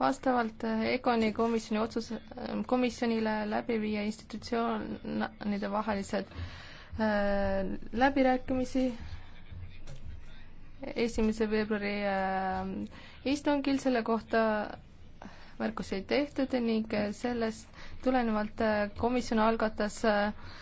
vastavalt EGONi eh, komisjoni otsus, eh, komisjonile läbi viia institutsioonide vahelised äh, läbirääkimisi esimese veebruari äh, istungil, selle kohta märkusi ei tehtud ning sellest tulenevalt komisjon algatas äh,